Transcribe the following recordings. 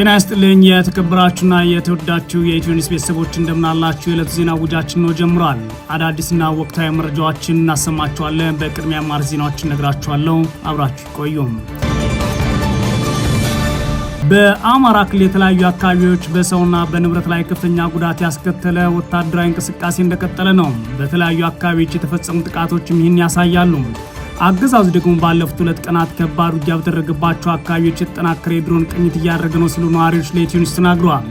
ጤና ይስጥልኝ የተከበራችሁና የተወዳችሁ የኢትዮ ኒውስ ቤተሰቦች እንደምናላችሁ። የዕለቱ ዜና ውጃችን ነው ጀምሯል። አዳዲስና ወቅታዊ መረጃዎችን እናሰማችኋለን። በቅድሚያ ማር ዜናዎችን ነግራችኋለሁ። አብራችሁ ቆዩም። በአማራ ክልል የተለያዩ አካባቢዎች በሰውና በንብረት ላይ ከፍተኛ ጉዳት ያስከተለ ወታደራዊ እንቅስቃሴ እንደቀጠለ ነው። በተለያዩ አካባቢዎች የተፈጸሙ ጥቃቶችም ይህን ያሳያሉ። አገዛዙ ደግሞ ባለፉት ሁለት ቀናት ከባድ ውጊያ በተደረገባቸው አካባቢዎች የተጠናከረ የድሮን ቅኝት እያደረገ ነው ሲሉ ነዋሪዎች ለኢትዮ ተናግረዋል።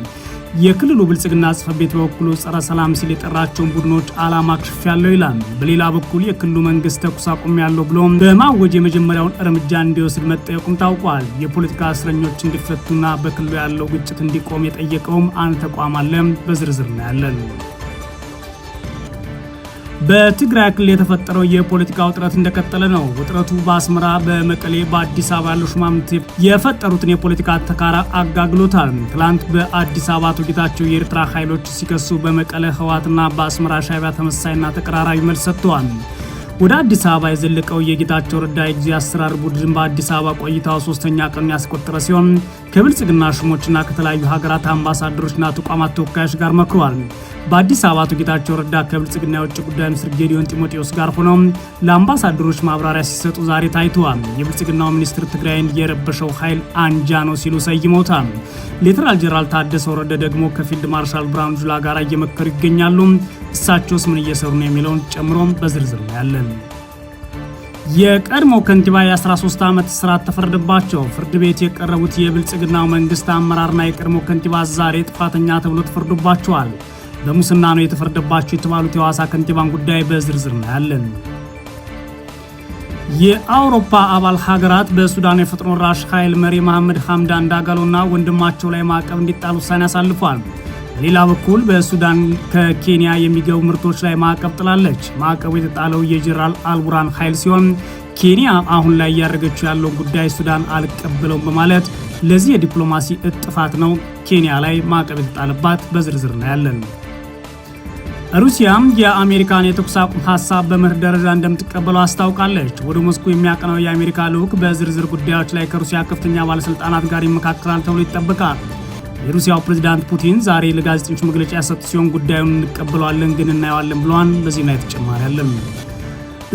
የክልሉ ብልጽግና ጽፈት ቤት በበኩሉ ጸረ ሰላም ሲል የጠራቸውን ቡድኖች አላማ ክሽፍ ያለው ይላል። በሌላ በኩል የክልሉ መንግስት ተኩስ አቁም ያለው ብሎም በማወጅ የመጀመሪያውን እርምጃ እንዲወስድ መጠየቁም ታውቋል። የፖለቲካ እስረኞች እንዲፈቱና በክልሉ ያለው ግጭት እንዲቆም የጠየቀውም አንድ ተቋም አለ። በዝርዝር እናያለን። በትግራይ ክልል የተፈጠረው የፖለቲካ ውጥረት እንደቀጠለ ነው። ውጥረቱ በአስመራ፣ በመቀሌ፣ በአዲስ አበባ ያለው ሹማምንት የፈጠሩትን የፖለቲካ ተካራ አጋግሎታል። ትላንት በአዲስ አበባ አቶ ጌታቸው የኤርትራ ኃይሎች ሲከሱ፣ በመቀለ ህወሓትና በአስመራ ሻዕቢያ ተመሳሳይና ተቀራራቢ መልስ ሰጥተዋል። ወደ አዲስ አበባ የዘለቀው የጌታቸው ረዳ የጊዜ አሰራር ቡድን በአዲስ አበባ ቆይታው ሶስተኛ ቀኑን ያስቆጠረ ሲሆን ከብልጽግና ሹሞችና ከተለያዩ ሀገራት አምባሳደሮችና ተቋማት ተወካዮች ጋር መክሯል። በአዲስ አበባ አቶ ጌታቸው ረዳ ከብልጽግና የውጭ ጉዳይ ሚኒስትር ጌዲዮን ጢሞቴዎስ ጋር ሆነው ለአምባሳደሮች ማብራሪያ ሲሰጡ ዛሬ ታይተዋል። የብልጽግናው ሚኒስትር ትግራይን የረበሸው ኃይል አንጃ ነው ሲሉ ሰይመውታል። ሌተናል ጄኔራል ታደሰ ወረደ ደግሞ ከፊልድ ማርሻል ብርሃኑ ጁላ ጋር እየመከሩ ይገኛሉ። እሳቸውስ ምን እየሰሩ ነው የሚለውን ጨምሮም በዝርዝር እናያለን። የቀድሞ ከንቲባ የ13 ዓመት እስራት ተፈረደባቸው። ፍርድ ቤት የቀረቡት የብልጽግናው መንግስት አመራርና የቀድሞ ከንቲባ ዛሬ ጥፋተኛ ተብሎ ተፈርዶባቸዋል። በሙስና ነው የተፈረደባቸው የተባሉት የሐዋሳ ከንቲባን ጉዳይ በዝርዝር እናያለን። የአውሮፓ አባል ሀገራት በሱዳን የፈጥኖ ራሽ ኃይል መሪ መሐመድ ሐምዳን ዳጋሎና ወንድማቸው ላይ ማዕቀብ እንዲጣል ውሳኔ አሳልፏል። በሌላ በኩል በሱዳን ከኬንያ የሚገቡ ምርቶች ላይ ማዕቀብ ጥላለች። ማዕቀቡ የተጣለው የጀነራል አልቡራን ኃይል ሲሆን ኬንያ አሁን ላይ እያደረገችው ያለውን ጉዳይ ሱዳን አልቀበለውም በማለት ለዚህ የዲፕሎማሲ እጥፋት ነው ኬንያ ላይ ማዕቀብ የተጣለባት። በዝርዝር እናያለን። ሩሲያም የአሜሪካን የተኩስ አቁም ሀሳብ በመርህ ደረጃ እንደምትቀበለው አስታውቃለች። ወደ ሞስኮ የሚያቀናው የአሜሪካ ልዑክ በዝርዝር ጉዳዮች ላይ ከሩሲያ ከፍተኛ ባለስልጣናት ጋር ይመካከላል ተብሎ ይጠበቃል። የሩሲያው ፕሬዚዳንት ፑቲን ዛሬ ለጋዜጠኞች መግለጫ ያሰጡ ሲሆን ጉዳዩን እንቀበለዋለን ግን እናየዋለን ብለዋል። በዚህ ላይ ተጨማሪ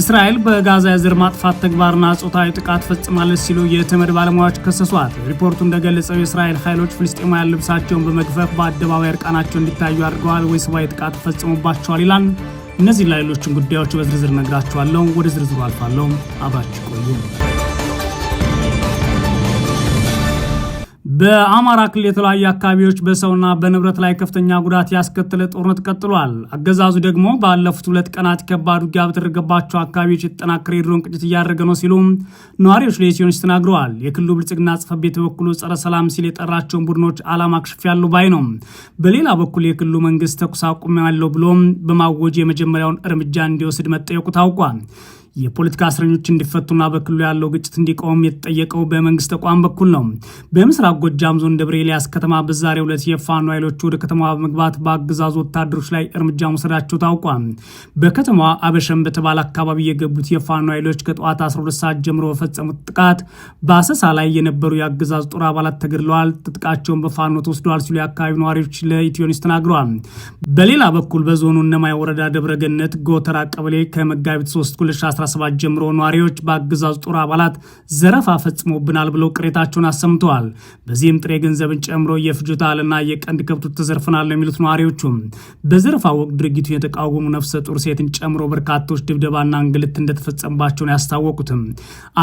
እስራኤል በጋዛ የዘር ማጥፋት ተግባርና ጾታዊ ጥቃት ፈጽማለች ሲሉ የተመድ ባለሙያዎች ከሰሷት። ሪፖርቱ እንደገለጸው የእስራኤል ኃይሎች ፍልስጤማውያን ልብሳቸውን በመግፈፍ በአደባባይ እርቃናቸው እንዲታዩ አድርገዋል ወይ ሰብአዊ ጥቃት ፈጽሞባቸዋል ይላል። እነዚህ ሌሎችን ጉዳዮች በዝርዝር ነግራችኋለሁ። ወደ ዝርዝሩ አልፋለሁ። አብራችሁ ቆዩ። በአማራ ክልል የተለያዩ አካባቢዎች በሰውና በንብረት ላይ ከፍተኛ ጉዳት ያስከተለ ጦርነት ቀጥሏል። አገዛዙ ደግሞ ባለፉት ሁለት ቀናት ከባድ ውጊያ በተደረገባቸው አካባቢዎች የተጠናከረ የድሮን ቅጭት እያደረገ ነው ሲሉ ነዋሪዎች ለኢትዮኒውስ ተናግረዋል። የክልሉ ብልጽግና ጽሕፈት ቤት በበኩሉ ጸረ ሰላም ሲል የጠራቸውን ቡድኖች አላማ አክሽፍ ያሉ ባይ ነው። በሌላ በኩል የክልሉ መንግስት ተኩስ አቁም ያለው ብሎም በማወጅ የመጀመሪያውን እርምጃ እንዲወስድ መጠየቁ ታውቋል። የፖለቲካ እስረኞች እንዲፈቱና በክልሉ ያለው ግጭት እንዲቆም የተጠየቀው በመንግስት ተቋም በኩል ነው። በምስራቅ ጎጃም ዞን ደብረ ኤልያስ ከተማ በዛሬው ዕለት የፋኖ ኃይሎች ወደ ከተማዋ በመግባት በአገዛዙ ወታደሮች ላይ እርምጃ መውሰዳቸው ታውቋል። በከተማዋ አበሸን በተባለ አካባቢ የገቡት የፋኖ ኃይሎች ከጠዋት 12 ሰዓት ጀምሮ በፈጸሙት ጥቃት በአሰሳ ላይ የነበሩ የአገዛዙ ጦር አባላት ተገድለዋል፣ ትጥቃቸውን በፋኖ ተወስደዋል ሲሉ የአካባቢ ነዋሪዎች ለኢትዮኒስ ተናግረዋል። በሌላ በኩል በዞኑ እነማይ ወረዳ ደብረገነት ጎተራ ቀበሌ ከመጋቢት 3 2017 ጀምሮ ነዋሪዎች በአገዛዙ ጦር አባላት ዘረፋ ፈጽሞብናል ብለው ቅሬታቸውን አሰምተዋል። በዚህም ጥሬ ገንዘብን ጨምሮ የፍጆታ እህልና የቀንድ ከብቱ ተዘርፈናል ነው የሚሉት ነዋሪዎቹም። በዘረፋ ወቅት ድርጊቱ የተቃወሙ ነፍሰ ጡር ሴትን ጨምሮ በርካቶች ድብደባና እንግልት ነው ያስታወቁትም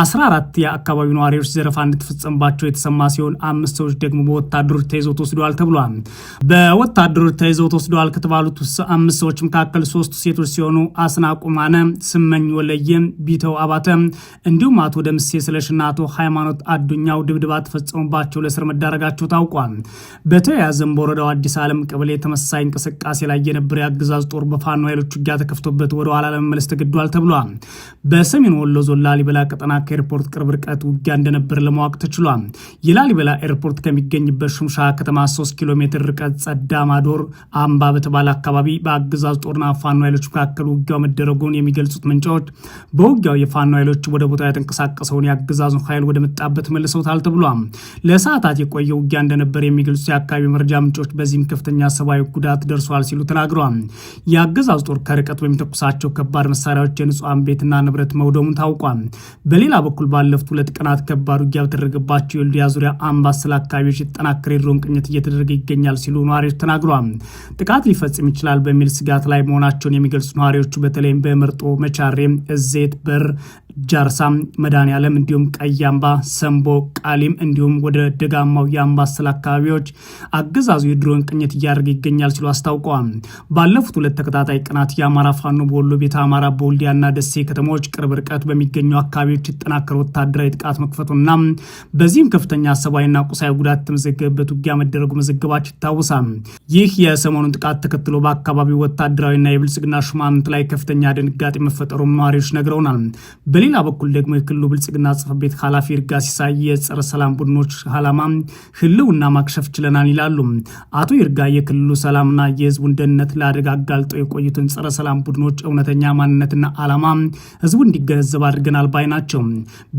14 የአካባቢው ነዋሪዎች ዘረፋ እንደተፈጸመባቸው የተሰማ ሲሆን አምስት ሰዎች ደግሞ በወታደሮች ተይዘው ተወስደዋል ተብሏል። በወታደሮች ተይዘው ተወስደዋል ከተባሉት አምስት ሰዎች መካከል ሶስቱ ሴቶች ሲሆኑ አስናቁማነ ስመኝ ወለየ ስዩም ቢተው አባተ እንዲሁም አቶ ደምሴ ስለሽና አቶ ሃይማኖት አዱኛው ድብድባ ተፈጸሙባቸው ለእስር መዳረጋቸው ታውቋል። በተያያዘም በወረዳው አዲስ አለም ቀበሌ ተመሳሳይ እንቅስቃሴ ላይ የነበረ የአገዛዝ ጦር በፋኖ ኃይሎች ውጊያ ተከፍቶበት ወደ ኋላ ለመመለስ ተገዷል ተብሏል። በሰሜን ወሎ ዞን ላሊበላ ቀጠና ከኤርፖርት ቅርብ ርቀት ውጊያ እንደነበር ለማወቅ ተችሏል። የላሊበላ ኤርፖርት ከሚገኝበት ሹምሻ ከተማ 3 ኪሎ ሜትር ርቀት ጸዳ ማዶር አምባ በተባለ አካባቢ በአገዛዝ ጦርና ፋኖ ኃይሎች መካከል ውጊያው መደረጉን የሚገልጹት ምንጮች በውጊያው የፋኖ ኃይሎች ወደ ቦታ የተንቀሳቀሰውን የአገዛዙን ኃይል ወደ መጣበት መልሰውታል ተብሏል። ለሰዓታት የቆየ ውጊያ እንደነበር የሚገልጹ የአካባቢ መረጃ ምንጮች በዚህም ከፍተኛ ሰብአዊ ጉዳት ደርሷል ሲሉ ተናግረዋል። የአገዛዙ ጦር ከርቀት በሚተኩሳቸው ከባድ መሳሪያዎች የንጹሐን ቤትና ንብረት መውደሙን ታውቋል። በሌላ በኩል ባለፉት ሁለት ቀናት ከባድ ውጊያ በተደረገባቸው የወልዲያ ዙሪያ አምባሰል አካባቢዎች የተጠናከረ የድሮን ቅኝት እየተደረገ ይገኛል ሲሉ ነዋሪዎች ተናግረዋል። ጥቃት ሊፈጽም ይችላል በሚል ስጋት ላይ መሆናቸውን የሚገልጹ ነዋሪዎቹ በተለይም በመርጦ መቻሬ እዝ ዘይት በር፣ ጃርሳ፣ መድኃኔ ዓለም እንዲሁም ቀይ አምባ፣ ሰምቦ፣ ቃሊም እንዲሁም ወደ ደጋማው የአምባሰል አካባቢዎች አገዛዙ የድሮን ቅኝት እያደረገ ይገኛል ሲሉ አስታውቀዋል። ባለፉት ሁለት ተከታታይ ቀናት የአማራ ፋኖ በወሎ ቤተ አማራ፣ በወልዲያና ደሴ ከተሞች ቅርብ ርቀት በሚገኙ አካባቢዎች ይጠናከረ ወታደራዊ ጥቃት መክፈቱና በዚህም ከፍተኛ ሰብአዊና ቁሳዊ ጉዳት የተመዘገበበት ውጊያ መደረጉ መዘገባቸው ይታወሳል። ይህ የሰሞኑን ጥቃት ተከትሎ በአካባቢው ወታደራዊና የብልጽግና ሹማምንት ላይ ከፍተኛ ድንጋጤ መፈጠሩ ነዋሪዎች ነግረውናል። በሌላ በኩል ደግሞ የክልሉ ብልጽግና ጽፈት ቤት ኃላፊ ይርጋ ሲሳይ የጸረ ሰላም ቡድኖች ዓላማ ህልውና ማክሸፍ ችለናል ይላሉ። አቶ ይርጋ የክልሉ ሰላምና የህዝቡን ደህንነት ለአደጋ አጋልጠው የቆዩትን ጸረ ሰላም ቡድኖች እውነተኛ ማንነትና ዓላማ ህዝቡ እንዲገነዘብ አድርገናል ባይ ናቸው።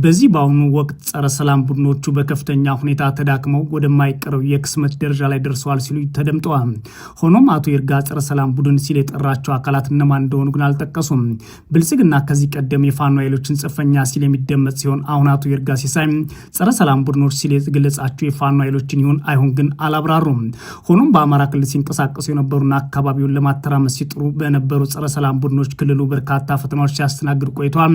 በዚህ በአሁኑ ወቅት ጸረ ሰላም ቡድኖቹ በከፍተኛ ሁኔታ ተዳክመው ወደማይቀረው የክስመት ደረጃ ላይ ደርሰዋል ሲሉ ተደምጠዋል። ሆኖም አቶ ይርጋ ጸረ ሰላም ቡድን ሲል የጠራቸው አካላት እነማን እንደሆኑ ግን አልጠቀሱም። ብልጽግና ከዚህ ከዚህ ቀደም የፋኖ ኃይሎችን ጽንፈኛ ሲል የሚደመጥ ሲሆን አሁን አቶ ይርጋ ሲሳይ ጸረ ሰላም ቡድኖች ሲል የገለጻቸው የፋኖ ኃይሎችን ይሁን አይሁን ግን አላብራሩም። ሆኖም በአማራ ክልል ሲንቀሳቀሱ የነበሩና አካባቢውን ለማተራመስ ሲጥሩ በነበሩ ጸረ ሰላም ቡድኖች ክልሉ በርካታ ፈተናዎች ሲያስተናግድ ቆይቷል።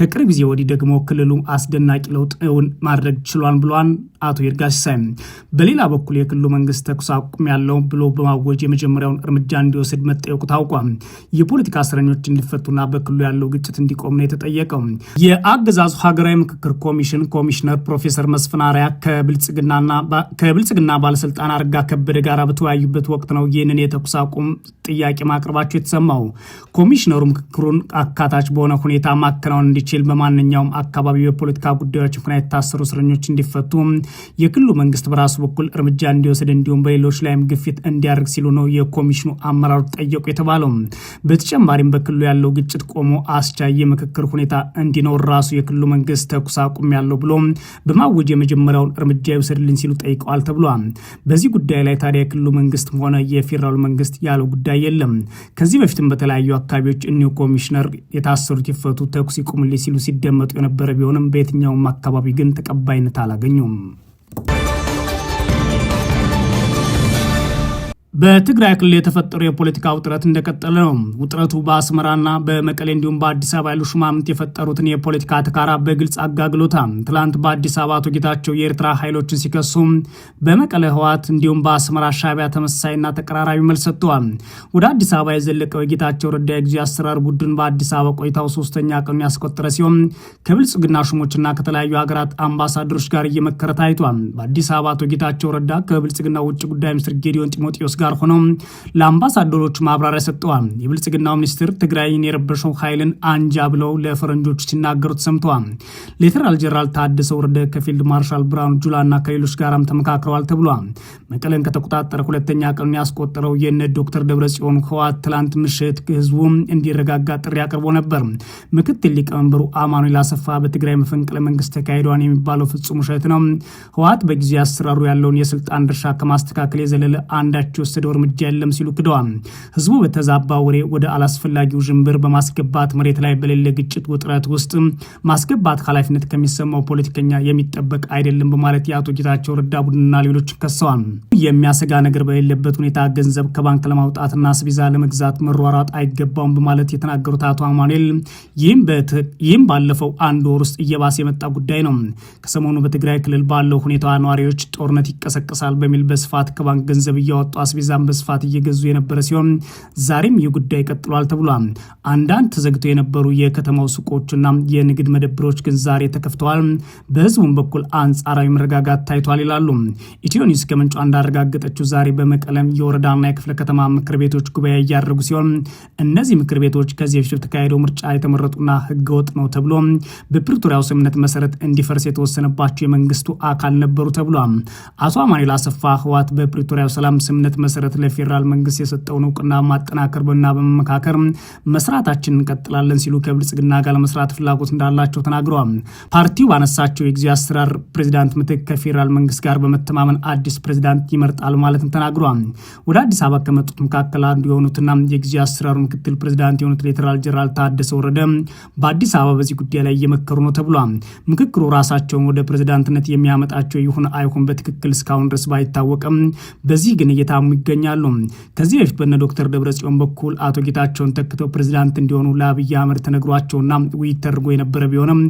ከቅርብ ጊዜ ወዲህ ደግሞ ክልሉ አስደናቂ ለውጥን ማድረግ ችሏል ብሏል አቶ ይርጋ ሲሳይ። በሌላ በኩል የክልሉ መንግስት ተኩስ አቁም ያለው ብሎ በማወጅ የመጀመሪያውን እርምጃ እንዲወስድ መጠየቁ ታውቋል። የፖለቲካ እስረኞች እንዲፈቱና በክልሉ ያለው ግጭት እንዲቆም ነው የተጠየቀው። የአገዛዙ ሀገራዊ ምክክር ኮሚሽን ኮሚሽነር ፕሮፌሰር መስፍን አርአያ ከብልጽግና ባለስልጣን አረጋ ከበደ ጋር በተወያዩበት ወቅት ነው ይህንን የተኩስ አቁም ጥያቄ ማቅረባቸው የተሰማው። ኮሚሽነሩ ምክክሩን አካታች በሆነ ሁኔታ ማከናወን እንዲችል በማንኛውም አካባቢ በፖለቲካ ጉዳዮች ምክንያት የታሰሩ እስረኞች እንዲፈቱ የክልሉ መንግስት በራሱ በኩል እርምጃ እንዲወስድ እንዲሁም በሌሎች ላይም ግፊት እንዲያደርግ ሲሉ ነው የኮሚሽኑ አመራሩ ጠየቁ የተባለው። በተጨማሪም በክልሉ ያለው ግጭት ቆሞ አስቻይ የምክክር ሁኔታ እንዲኖር ራሱ የክልሉ መንግስት ተኩስ አቁም ያለው ብሎ በማወጅ የመጀመሪያውን እርምጃ ይውሰድልን ሲሉ ጠይቀዋል ተብሏል። በዚህ ጉዳይ ላይ ታዲያ የክልሉ መንግስት ሆነ የፌዴራሉ መንግስት ያለው ጉዳይ የለም። ከዚህ በፊትም በተለያዩ አካባቢዎች እኒሁ ኮሚሽነር የታሰሩት ይፈቱ፣ ተኩስ ይቁምልኝ ሲሉ ሲደመጡ የነበረ ቢሆንም በየትኛውም አካባቢ ግን ተቀባይነት አላገኙም። በትግራይ ክልል የተፈጠሩ የፖለቲካ ውጥረት እንደቀጠለ ነው። ውጥረቱ በአስመራና በመቀሌ እንዲሁም በአዲስ አበባ ያሉ ሹማምንት የፈጠሩትን የፖለቲካ ተካራ በግልጽ አጋግሎታ ትላንት በአዲስ አበባ አቶ ጌታቸው የኤርትራ ኃይሎችን ሲከሱ፣ በመቀሌ ህወሓት እንዲሁም በአስመራ ሻቢያ ተመሳሳይና ተቀራራቢ መልስ ሰጥተዋል። ወደ አዲስ አበባ የዘለቀው የጌታቸው ረዳ ጊዜ አሰራር ቡድን በአዲስ አበባ ቆይታው ሶስተኛ ቀኑ ያስቆጠረ ሲሆን ከብልጽግና ሹሞችና ከተለያዩ ሀገራት አምባሳደሮች ጋር እየመከረ ታይቷል። በአዲስ አበባ አቶ ጌታቸው ረዳ ከብልጽግና ውጭ ጉዳይ ሚኒስትር ጌዲዮን ጢሞቴዎስ ጋር ሆነው ለአምባሳደሮች ማብራሪያ ሰጥተዋል። የብልጽግናው ሚኒስትር ትግራይን የረበሸው ኃይልን አንጃ ብለው ለፈረንጆች ሲናገሩ ተሰምተዋል። ሌተናል ጀነራል ታደሰ ወረደ ከፊልድ ማርሻል ብርሃኑ ጁላና ከሌሎች ጋራም ተመካክረዋል ተብሏል። መቀለን ከተቆጣጠረ ሁለተኛ ቀኑን ያስቆጠረው የነ ዶክተር ደብረጽዮን ህወሓት ትላንት ምሽት ህዝቡ እንዲረጋጋ ጥሪ አቅርቦ ነበር። ምክትል ሊቀመንበሩ አማኑኤል አሰፋ በትግራይ መፈንቅለ መንግስት ተካሂዷን የሚባለው ፍጹም ውሸት ነው፣ ህወሓት በጊዜ አሰራሩ ያለውን የስልጣን ድርሻ ከማስተካከል የዘለለ አንዳቸው የተወሰደው እርምጃ የለም ሲሉ ክደዋል። ህዝቡ በተዛባ ወሬ ወደ አላስፈላጊው ዥንብር በማስገባት መሬት ላይ በሌለ ግጭት ውጥረት ውስጥ ማስገባት ኃላፊነት ከሚሰማው ፖለቲከኛ የሚጠበቅ አይደለም በማለት የአቶ ጌታቸው ረዳ ቡድንና ሌሎች ከሰዋል። የሚያሰጋ ነገር በሌለበት ሁኔታ ገንዘብ ከባንክ ለማውጣትና ስቢዛ ለመግዛት መሯሯጥ አይገባውም በማለት የተናገሩት አቶ አማኑኤል ይህም ባለፈው አንድ ወር ውስጥ እየባሰ የመጣ ጉዳይ ነው። ከሰሞኑ በትግራይ ክልል ባለው ሁኔታ ነዋሪዎች ጦርነት ይቀሰቀሳል በሚል በስፋት ከባንክ ገንዘብ እያወጡ አስቤዛ ሚዛን በስፋት እየገዙ የነበረ ሲሆን ዛሬም ይህ ጉዳይ ቀጥሏል ተብሏል። አንዳንድ ተዘግተው የነበሩ የከተማው ሱቆችና የንግድ መደብሮች ግን ዛሬ ተከፍተዋል። በህዝቡም በኩል አንጻራዊ መረጋጋት ታይቷል ይላሉ። ኢትዮ ኒውስ ከምንጯ እንዳረጋገጠችው ዛሬ በመቀለም የወረዳና የክፍለ ከተማ ምክር ቤቶች ጉባኤ እያደረጉ ሲሆን እነዚህ ምክር ቤቶች ከዚህ በፊት በተካሄደው ምርጫ የተመረጡና ህገወጥ ነው ተብሎ በፕሪቶሪያው ስምምነት መሰረት እንዲፈርስ የተወሰነባቸው የመንግስቱ አካል ነበሩ ተብሏል። አቶ አማኑኤል አሰፋ ህዋት በፕሪቶሪያው ሰላም ስምምነት መሰረት ለፌዴራል መንግስት የሰጠውን እውቅና ማጠናከር በና በመመካከር መስራታችን እንቀጥላለን ሲሉ ከብልጽግና ጋር ለመስራት ፍላጎት እንዳላቸው ተናግረዋል። ፓርቲው ባነሳቸው የጊዜ አሰራር ፕሬዚዳንት ምትክ ከፌዴራል መንግስት ጋር በመተማመን አዲስ ፕሬዚዳንት ይመርጣል ማለትም ተናግረዋል። ወደ አዲስ አበባ ከመጡት መካከል አንዱ የሆኑትና የጊዜ አሰራሩ ምክትል ፕሬዚዳንት የሆኑት ሌተናል ጀነራል ታደሰ ወረደ በአዲስ አበባ በዚህ ጉዳይ ላይ እየመከሩ ነው ተብሏል። ምክክሩ ራሳቸውን ወደ ፕሬዚዳንትነት የሚያመጣቸው ይሁን አይሁን በትክክል እስካሁን ድረስ ባይታወቅም፣ በዚህ ግን እየታሙ ይገኛሉ። ከዚህ በፊት በነ ዶክተር ደብረጽዮን በኩል አቶ ጌታቸውን ተክተው ፕሬዚዳንት እንዲሆኑ ለአብይ አህመድ ተነግሯቸውና ውይይት ተደርጎ የነበረ ቢሆንም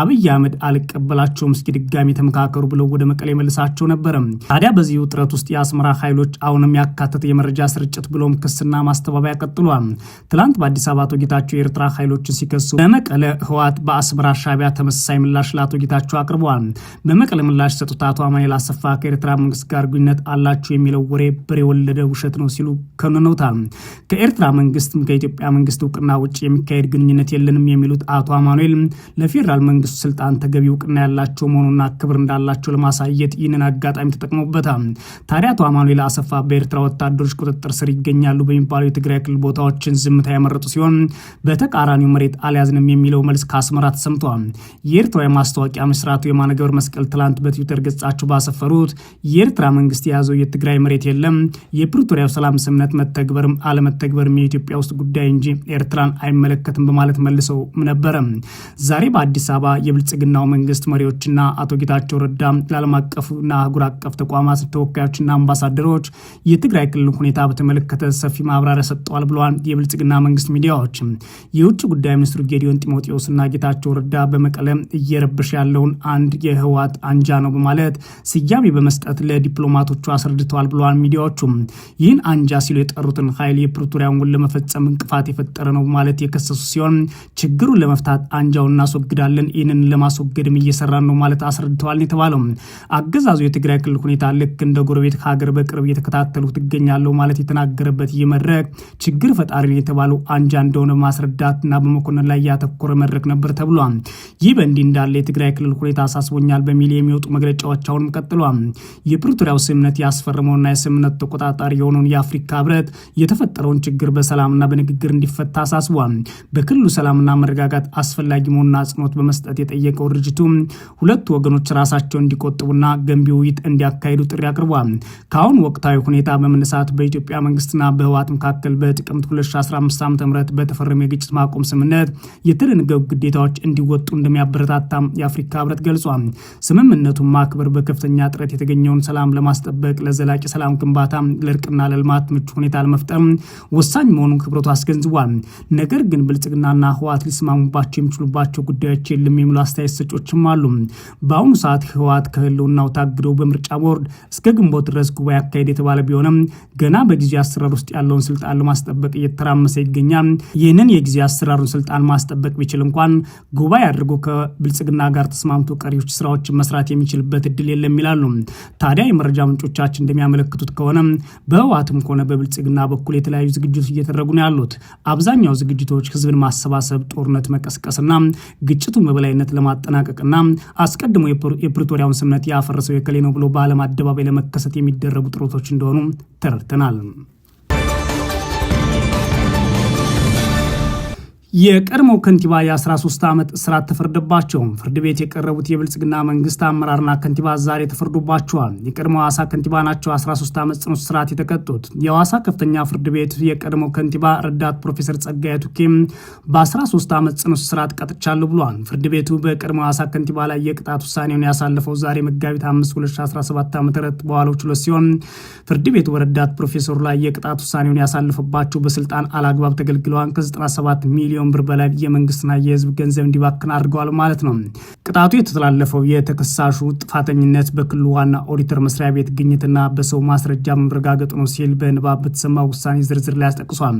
አብይ አህመድ አልቀበላቸውም፣ እስኪ ድጋሚ ተመካከሩ ብለው ወደ መቀሌ መልሳቸው ነበረ። ታዲያ በዚህ ውጥረት ውስጥ የአስመራ ኃይሎች አሁንም ያካተተ የመረጃ ስርጭት ብሎም ክስና ማስተባበያ ቀጥሏል። ትላንት በአዲስ አበባ አቶ ጌታቸው የኤርትራ ኃይሎችን ሲከሱ፣ በመቀለ ህወሓት በአስመራ ሻቢያ ተመሳሳይ ምላሽ ለአቶ ጌታቸው አቅርበዋል። በመቀለ ምላሽ ሰጡት አቶ አማኑኤል አሰፋ ከኤርትራ መንግስት ጋር ግንኙነት አላቸው የሚለው ወሬ ብሬ የወለደ ውሸት ነው ሲሉ ከንነውታል። ከኤርትራ መንግስትም ከኢትዮጵያ መንግስት እውቅና ውጭ የሚካሄድ ግንኙነት የለንም የሚሉት አቶ አማኑኤል ለፌዴራል መንግስቱ ስልጣን ተገቢ እውቅና ያላቸው መሆኑና ክብር እንዳላቸው ለማሳየት ይህንን አጋጣሚ ተጠቅሞበታል። ታዲያ አቶ አማኑኤል አሰፋ በኤርትራ ወታደሮች ቁጥጥር ስር ይገኛሉ በሚባሉ የትግራይ ክልል ቦታዎችን ዝምታ ያመረጡ ሲሆን በተቃራኒው መሬት አልያዝንም የሚለው መልስ ከአስመራ ተሰምቷል። የኤርትራ የማስታወቂያ መስራቱ የማነ ገብረ መስቀል ትላንት በትዊተር ገጻቸው ባሰፈሩት የኤርትራ መንግስት የያዘው የትግራይ መሬት የለም የፕሪቶሪያው ሰላም ስምነት መተግበርም አለመተግበርም የኢትዮጵያ ውስጥ ጉዳይ እንጂ ኤርትራን አይመለከትም በማለት መልሰው ነበረ። ዛሬ በአዲስ አበባ የብልጽግናው መንግስት መሪዎችና አቶ ጌታቸው ረዳ ለዓለም አቀፍና አህጉር አቀፍ ተቋማት ተወካዮችና አምባሳደሮች የትግራይ ክልል ሁኔታ በተመለከተ ሰፊ ማብራሪያ ሰጥተዋል ብለዋል የብልጽግና መንግስት ሚዲያዎች። የውጭ ጉዳይ ሚኒስትሩ ጌዲዮን ጢሞቴዎስና ጌታቸው ረዳ በመቀለም እየረበሸ ያለውን አንድ የህወሓት አንጃ ነው በማለት ስያሜ በመስጠት ለዲፕሎማቶቹ አስረድተዋል ብለዋል ሚዲያዎቹ። ይህን አንጃ ሲሉ የጠሩትን ኃይል የፕሪቶሪያን ውል ለመፈጸም እንቅፋት የፈጠረ ነው ማለት የከሰሱ ሲሆን ችግሩን ለመፍታት አንጃውን እናስወግዳለን፣ ይህንን ለማስወገድም እየሰራን ነው ማለት አስረድተዋል የተባለው አገዛዙ የትግራይ ክልል ሁኔታ ልክ እንደ ጎረቤት ሀገር በቅርብ እየተከታተሉ ትገኛለሁ ማለት የተናገረበት ይህ መድረክ ችግር ፈጣሪን የተባለው አንጃ እንደሆነ ማስረዳትና በመኮንን ላይ ያተኮረ መድረክ ነበር ተብሏል። ይህ በእንዲህ እንዳለ የትግራይ ክልል ሁኔታ አሳስቦኛል በሚል የሚወጡ መግለጫዎች አሁንም ቀጥሏል። የፕሪቶሪያው ስምምነት ያስፈርመውና የስምምነት ተቆ ተቆጣጣሪ የሆነውን የአፍሪካ ህብረት የተፈጠረውን ችግር በሰላምና በንግግር እንዲፈታ አሳስቧል። በክልሉ ሰላምና መረጋጋት አስፈላጊ መሆኑን አጽንኦት በመስጠት የጠየቀው ድርጅቱ ሁለቱ ወገኖች ራሳቸውን እንዲቆጥቡና ገንቢ ውይይት እንዲያካሂዱ ጥሪ አቅርቧል። ከአሁን ወቅታዊ ሁኔታ በመነሳት በኢትዮጵያ መንግስትና በህወሓት መካከል በጥቅምት 2015 ዓ ም በተፈረመ የግጭት ማቆም ስምምነት የተደነገጉ ግዴታዎች እንዲወጡ እንደሚያበረታታ የአፍሪካ ህብረት ገልጿል። ስምምነቱን ማክበር በከፍተኛ ጥረት የተገኘውን ሰላም ለማስጠበቅ ለዘላቂ ሰላም ግንባታ ለእርቅና ለልማት ምቹ ሁኔታ ለመፍጠር ወሳኝ መሆኑን ክብረቱ አስገንዝቧል። ነገር ግን ብልጽግናና ህወሓት ሊስማሙባቸው የሚችሉባቸው ጉዳዮች የለም የሚሉ አስተያየት ሰጮችም አሉ። በአሁኑ ሰዓት ህወሓት ከህልውናው ታግደው በምርጫ ቦርድ እስከ ግንቦት ድረስ ጉባኤ አካሄድ የተባለ ቢሆንም ገና በጊዜ አሰራር ውስጥ ያለውን ስልጣን ለማስጠበቅ እየተራመሰ ይገኛል። ይህንን የጊዜ አሰራሩን ስልጣን ማስጠበቅ ቢችል እንኳን ጉባኤ አድርጎ ከብልጽግና ጋር ተስማምቶ ቀሪዎች ስራዎችን መስራት የሚችልበት እድል የለም ይላሉ። ታዲያ የመረጃ ምንጮቻችን እንደሚያመለክቱት ከሆነ በህወሓትም ከሆነ በብልጽግና በኩል የተለያዩ ዝግጅቶች እየተደረጉ ነው ያሉት። አብዛኛው ዝግጅቶች ህዝብን ማሰባሰብ፣ ጦርነት መቀስቀስና ግጭቱን በበላይነት ለማጠናቀቅና አስቀድሞ የፕሪቶሪያውን ስምነት ያፈረሰው የከሌ ነው ብሎ በዓለም አደባባይ ለመከሰት የሚደረጉ ጥረቶች እንደሆኑ ተረድተናል። የቀድሞው ከንቲባ የ13 ዓመት እስራት ተፈርደባቸው ፍርድ ቤት የቀረቡት የብልጽግና መንግስት አመራርና ከንቲባ ዛሬ ተፈርዶባቸዋል። የቀድሞ ሐዋሳ ከንቲባ ናቸው 13 ዓመት ጽኑ እስራት የተቀጡት። የሐዋሳ ከፍተኛ ፍርድ ቤት የቀድሞ ከንቲባ ረዳት ፕሮፌሰር ጸጋዬ ቱኬም በ13 ዓመት ጽኑ እስራት ቀጥቻለሁ ብሏል። ፍርድ ቤቱ በቀድሞ ሐዋሳ ከንቲባ ላይ የቅጣት ውሳኔውን ያሳለፈው ዛሬ መጋቢት 5 2017 ዓ ም በዋለው ችሎት ሲሆን ፍርድ ቤቱ በረዳት ፕሮፌሰሩ ላይ የቅጣት ውሳኔውን ያሳለፈባቸው በስልጣን አላግባብ ተገልግለዋል ከ97 ሚሊዮን ከቢሊዮን ብር በላይ የመንግስትና የህዝብ ገንዘብ እንዲባክን አድርገዋል ማለት ነው። ቅጣቱ የተተላለፈው የተከሳሹ ጥፋተኝነት በክልሉ ዋና ኦዲተር መስሪያ ቤት ግኝትና በሰው ማስረጃ መረጋገጡ ነው ሲል በንባብ በተሰማ ውሳኔ ዝርዝር ላይ አስጠቅሷል።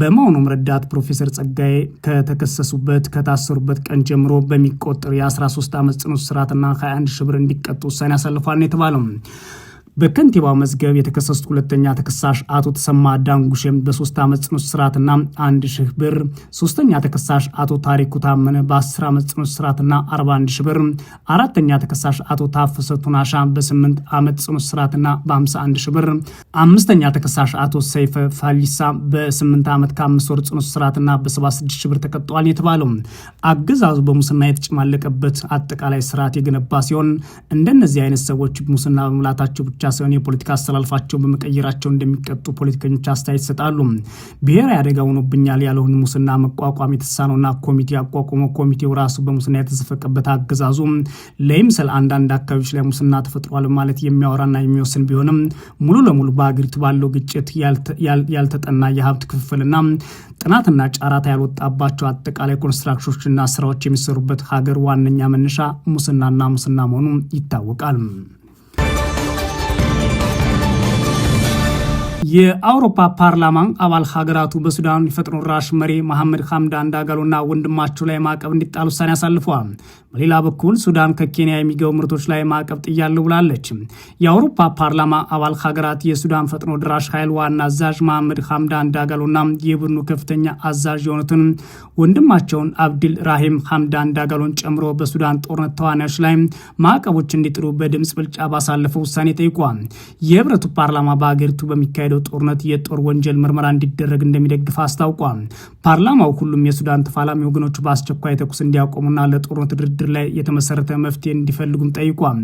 በመሆኑም ረዳት ፕሮፌሰር ጸጋዬ ከተከሰሱበት ከታሰሩበት ቀን ጀምሮ በሚቆጠር የ13 ዓመት ጽኑ እስራትና 21 ሺህ ብር እንዲቀጡ ውሳኔ አሳልፏል ነው የተባለው። በከንቲባው መዝገብ የተከሰሱት ሁለተኛ ተከሳሽ አቶ ተሰማ ዳንጉሼም በሶስት ዓመት ጽኑ እስራትና አንድ ሺህ ብር፣ ሶስተኛ ተከሳሽ አቶ ታሪኩ ታመነ በአስር ዓመት ጽኑ እስራትና አርባ አንድ ሺህ ብር፣ አራተኛ ተከሳሽ አቶ ታፈሰ ቱናሻ በስምንት ዓመት ጽኑ እስራትና በአምሳ አንድ ሺህ ብር፣ አምስተኛ ተከሳሽ አቶ ሰይፈ ፋሊሳ በስምንት ዓመት ከአምስት ወር ጽኑ እስራትና በሰባ ስድስት ሺህ ብር ተቀጥተዋል የተባለው አገዛዙ በሙስና የተጨማለቀበት አጠቃላይ ስርዓት የገነባ ሲሆን እንደነዚህ አይነት ሰዎች ሙስና በመላታቸው ብቻ ሳይሆን የፖለቲካ አስተላልፋቸውን በመቀየራቸው እንደሚቀጡ ፖለቲከኞች አስተያየት ይሰጣሉ። ብሔራዊ አደጋ ሆኖብኛል ያለውን ሙስና መቋቋም የተሳነውና ኮሚቴ አቋቁመ ኮሚቴው ራሱ በሙስና የተዘፈቀበት አገዛዙ ለይምሰል አንዳንድ አካባቢዎች ላይ ሙስና ተፈጥሯል ማለት የሚያወራና የሚወስን ቢሆንም ሙሉ ለሙሉ በሀገሪቱ ባለው ግጭት ያልተጠና የሀብት ክፍፍልና ጥናትና ጫራታ ያልወጣባቸው አጠቃላይ ኮንስትራክሽኖችና ስራዎች የሚሰሩበት ሀገር ዋነኛ መነሻ ሙስናና ሙስና መሆኑ ይታወቃል። የአውሮፓ ፓርላማ አባል ሀገራቱ በሱዳን የፈጥኖ ራሽ መሪ መሐመድ ሐምዳን ዳጋሎና ወንድማቸው ላይ ማዕቀብ እንዲጣል ውሳኔ አሳልፈዋል። በሌላ በኩል ሱዳን ከኬንያ የሚገቡ ምርቶች ላይ ማዕቀብ ጥያለሁ ብላለች። የአውሮፓ ፓርላማ አባል ሀገራት የሱዳን ፈጥኖ ድራሽ ኃይል ዋና አዛዥ መሐመድ ሐምዳን ዳጋሎና የቡድኑ ከፍተኛ አዛዥ የሆኑትን ወንድማቸውን አብድል ራሂም ሐምዳን ዳጋሎን ጨምሮ በሱዳን ጦርነት ተዋናዮች ላይ ማዕቀቦች እንዲጥሉ በድምፅ ብልጫ ባሳለፈው ውሳኔ ጠይቋል። የህብረቱ ፓርላማ በሀገሪቱ በሚካሄደው ያለው ጦርነት የጦር ወንጀል ምርመራ እንዲደረግ እንደሚደግፍ አስታውቋል። ፓርላማው ሁሉም የሱዳን ተፋላሚ ወገኖች በአስቸኳይ ተኩስ እንዲያቆሙና ለጦርነት ድርድር ላይ የተመሰረተ መፍትሄ እንዲፈልጉም ጠይቋል።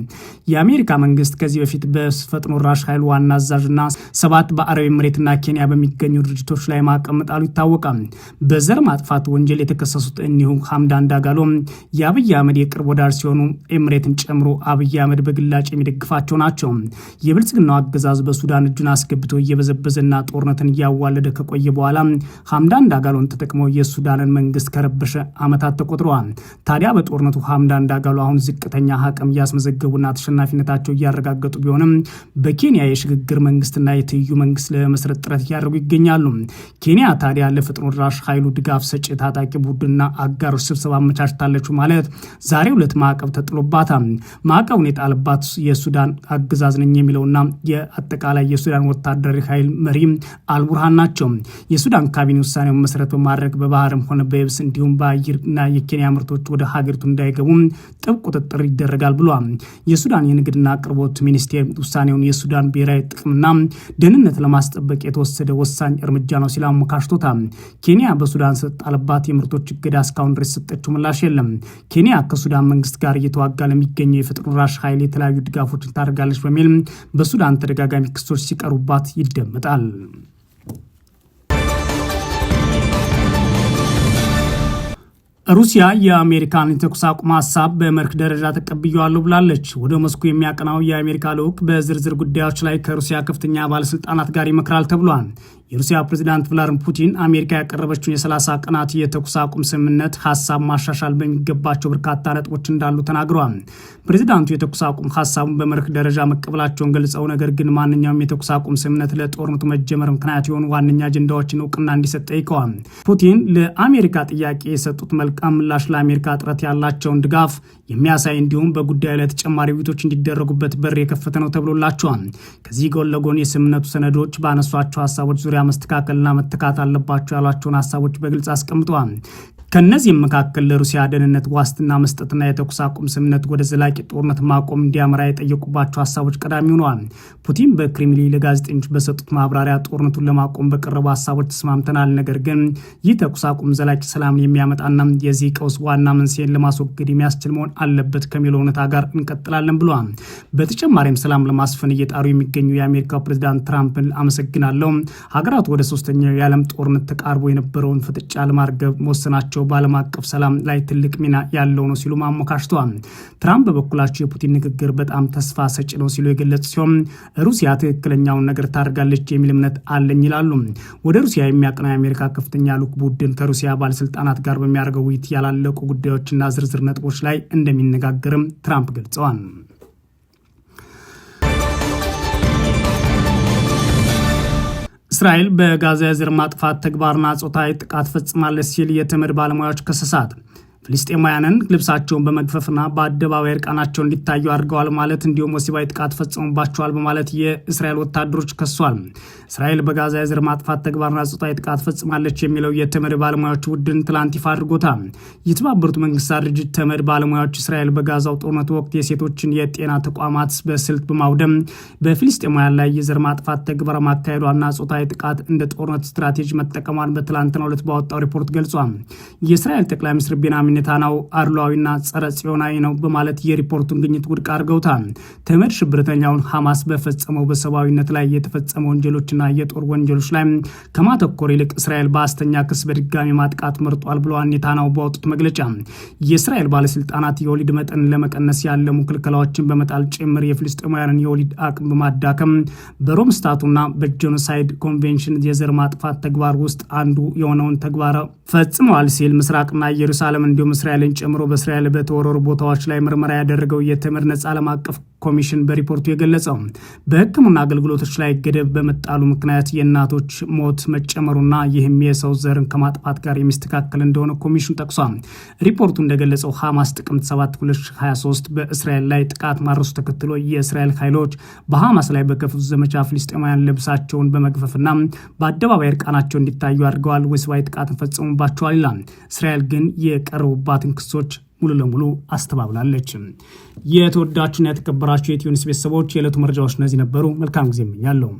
የአሜሪካ መንግስት ከዚህ በፊት በፈጥኖ ራሽ ኃይል ዋና አዛዥና ሰባት በአረብ ኤምሬትና ኬንያ በሚገኙ ድርጅቶች ላይ ማቀመጣሉ ይታወቃል። በዘር ማጥፋት ወንጀል የተከሰሱት እኒሁ ሀምዳ ዳጋሎ የአብይ አህመድ የቅርብ ወዳጅ ሲሆኑ ኤምሬትን ጨምሮ አብይ አህመድ በግላጭ የሚደግፋቸው ናቸው። የብልጽግናው አገዛዝ በሱዳን እጁን አስገብቶ እየበ እየበዘበዘና ጦርነትን እያዋለደ ከቆየ በኋላ ሐምዳን ዳጋሎን ተጠቅመው የሱዳንን መንግስት ከረበሸ ዓመታት ተቆጥረዋል። ታዲያ በጦርነቱ ሐምዳን ዳጋሎ አሁን ዝቅተኛ አቅም እያስመዘገቡና ተሸናፊነታቸው እያረጋገጡ ቢሆንም በኬንያ የሽግግር መንግስትና የትይዩ መንግስት ለመስረት ጥረት እያደረጉ ይገኛሉ። ኬንያ ታዲያ ለፈጥኖ ድራሽ ኃይሉ ድጋፍ ሰጪ ታጣቂ ቡድንና አጋሮች ስብሰባ አመቻችታለች ማለት ዛሬ ሁለት ማዕቀብ ተጥሎባታል። ማዕቀቡን የጣለባት የሱዳን አገዛዝ ነኝ የሚለውና የአጠቃላይ የሱዳን ወታደራዊ ኃይል መሪ አልቡርሃን ናቸው። የሱዳን ካቢኔ ውሳኔውን መሰረት በማድረግ በባህርም ሆነ በየብስ እንዲሁም በአየርና የኬንያ ምርቶች ወደ ሀገሪቱ እንዳይገቡ ጥብቅ ቁጥጥር ይደረጋል ብሏል። የሱዳን የንግድና አቅርቦት ሚኒስቴር ውሳኔውን የሱዳን ብሔራዊ ጥቅምና ደህንነት ለማስጠበቅ የተወሰደ ወሳኝ እርምጃ ነው ሲል አሞካሽቶታል። ኬንያ በሱዳን ሰጣለባት የምርቶች እገዳ እስካሁን ድረስ የሰጠችው ምላሽ የለም። ኬንያ ከሱዳን መንግስት ጋር እየተዋጋ ለሚገኘው የፈጥኖ ደራሽ ኃይል የተለያዩ ድጋፎችን ታደርጋለች በሚል በሱዳን ተደጋጋሚ ክሶች ሲቀሩባት ይደ ይገመጣል። ሩሲያ የአሜሪካን የተኩስ አቁም ሀሳብ በመርህ ደረጃ ተቀብያዋለሁ ብላለች። ወደ ሞስኮ የሚያቀናው የአሜሪካ ልዑክ በዝርዝር ጉዳዮች ላይ ከሩሲያ ከፍተኛ ባለስልጣናት ጋር ይመክራል ተብሏል። የሩሲያ ፕሬዚዳንት ቭላድሚር ፑቲን አሜሪካ ያቀረበችውን የ30 ቀናት የተኩስ አቁም ስምምነት ሀሳብ ማሻሻል በሚገባቸው በርካታ ነጥቦች እንዳሉ ተናግረዋል። ፕሬዚዳንቱ የተኩስ አቁም ሀሳቡን በመርህ ደረጃ መቀበላቸውን ገልጸው ነገር ግን ማንኛውም የተኩስ አቁም ስምምነት ለጦርነቱ መጀመር ምክንያት የሆኑ ዋነኛ አጀንዳዎችን እውቅና እንዲሰጥ ጠይቀዋል። ፑቲን ለአሜሪካ ጥያቄ የሰጡት መልካም ምላሽ ለአሜሪካ ጥረት ያላቸውን ድጋፍ የሚያሳይ እንዲሁም በጉዳዩ ላይ ተጨማሪ ውይይቶች እንዲደረጉበት በር የከፈተ ነው ተብሎላቸዋል። ከዚህ ጎን ለጎን የስምምነቱ ሰነዶች ባነሷቸው ሀሳቦች ዙሪያ መስተካከልና መተካት አለባቸው ያሏቸውን ሀሳቦች በግልጽ አስቀምጠዋል። ከእነዚህም መካከል ለሩሲያ ደህንነት ዋስትና መስጠትና የተኩስ አቁም ስምምነት ወደ ዘላቂ ጦርነት ማቆም እንዲያመራ የጠየቁባቸው ሀሳቦች ቀዳሚ ሆነዋል። ፑቲን በክሬምሊን ለጋዜጠኞች በሰጡት ማብራሪያ ጦርነቱን ለማቆም በቀረቡ ሀሳቦች ተስማምተናል፣ ነገር ግን ይህ ተኩስ አቁም ዘላቂ ሰላምን የሚያመጣና የዚህ ቀውስ ዋና መንስኤን ለማስወገድ የሚያስችል መሆን አለበት ከሚለው እውነታ ጋር እንቀጥላለን ብለዋል። በተጨማሪም ሰላም ለማስፈን እየጣሩ የሚገኙ የአሜሪካው ፕሬዚዳንት ትራምፕን አመሰግናለሁ፣ ሀገራት ወደ ሶስተኛው የዓለም ጦርነት ተቃርቦ የነበረውን ፍጥጫ ለማርገብ መወሰናቸው ንግግራቸው በዓለም አቀፍ ሰላም ላይ ትልቅ ሚና ያለው ነው ሲሉ አሞካሽተዋል። ትራምፕ በበኩላቸው የፑቲን ንግግር በጣም ተስፋ ሰጭ ነው ሲሉ የገለጹ ሲሆን ሩሲያ ትክክለኛውን ነገር ታደርጋለች የሚል እምነት አለኝ ይላሉ። ወደ ሩሲያ የሚያቀና የአሜሪካ ከፍተኛ ልዑክ ቡድን ከሩሲያ ባለስልጣናት ጋር በሚያደርገው ውይይት ያላለቁ ጉዳዮችና ዝርዝር ነጥቦች ላይ እንደሚነጋገርም ትራምፕ ገልጸዋል። እስራኤል በጋዛ የዘር ማጥፋት ተግባርና ጾታዊ ጥቃት ፈጽማለች ሲል የተመድ ባለሙያዎች ከሰሳት። ፍልስጤማውያንን ልብሳቸውን በመግፈፍና በአደባባይ እርቃናቸው እንዲታዩ አድርገዋል ማለት እንዲሁም ወሲባዊ ጥቃት ፈጽሞባቸዋል በማለት የእስራኤል ወታደሮች ከሷል። እስራኤል በጋዛ የዘር ማጥፋት ተግባርና ጾታዊ ጥቃት ፈጽማለች የሚለው የተመድ ባለሙያዎች ቡድን ትላንት ይፋ አድርጎታል። የተባበሩት መንግስታት ድርጅት ተመድ ባለሙያዎች እስራኤል በጋዛው ጦርነት ወቅት የሴቶችን የጤና ተቋማት በስልት በማውደም በፊልስጤማውያን ላይ የዘር ማጥፋት ተግባር ማካሄዷና ጾታዊ ጥቃት እንደ ጦርነት ስትራቴጂ መጠቀሟን በትላንትናው ዕለት ባወጣው ሪፖርት ገልጿል። የእስራኤል ጠቅላይ ሚኒስትር ቤናሚ ቤንያሚን ኔታንያሁ አድሏዊና ጸረ ጽዮናዊ ነው በማለት የሪፖርቱን ግኝት ውድቅ አድርገውታል። ተመድ ሽብርተኛውን ሐማስ በፈጸመው በሰብአዊነት ላይ የተፈጸመ ወንጀሎችና የጦር ወንጀሎች ላይ ከማተኮር ይልቅ እስራኤል በአስተኛ ክስ በድጋሚ ማጥቃት መርጧል ብለዋል ኔታንያሁ ባወጡት መግለጫ። የእስራኤል ባለስልጣናት የወሊድ መጠን ለመቀነስ ያለሙ ክልከላዎችን በመጣል ጭምር የፍልስጤማውያንን የወሊድ አቅም በማዳከም በሮም ስታቱና በጄኖሳይድ ኮንቬንሽን የዘር ማጥፋት ተግባር ውስጥ አንዱ የሆነውን ተግባር ፈጽመዋል ሲል ምስራቅና ኢየሩሳሌም እንዲሁም እስራኤልን ጨምሮ በእስራኤል በተወረሩ ቦታዎች ላይ ምርመራ ያደረገው የተመድ ነጻ ዓለም አቀፍ ኮሚሽን በሪፖርቱ የገለጸው በሕክምና አገልግሎቶች ላይ ገደብ በመጣሉ ምክንያት የእናቶች ሞት መጨመሩና ይህም የሰው ዘርን ከማጥፋት ጋር የሚስተካከል እንደሆነ ኮሚሽኑ ጠቅሷል። ሪፖርቱ እንደገለጸው ሐማስ ጥቅምት 7 2023 በእስራኤል ላይ ጥቃት ማድረሱ ተከትሎ የእስራኤል ኃይሎች በሐማስ ላይ በከፈቱት ዘመቻ ፍልስጤማውያን ልብሳቸውን በመግፈፍና በአደባባይ እርቃናቸው እንዲታዩ አድርገዋል። ወሲባዊ ጥቃትን ፈጽሙ ደርሶባቸዋል ይላል። እስራኤል ግን የቀረቡባትን ክሶች ሙሉ ለሙሉ አስተባብላለች። የተወዳችሁና የተከበራችሁ የኢትዮ ኒውስ ቤተሰቦች የዕለቱ መረጃዎች እነዚህ ነበሩ። መልካም ጊዜ እመኛለሁ።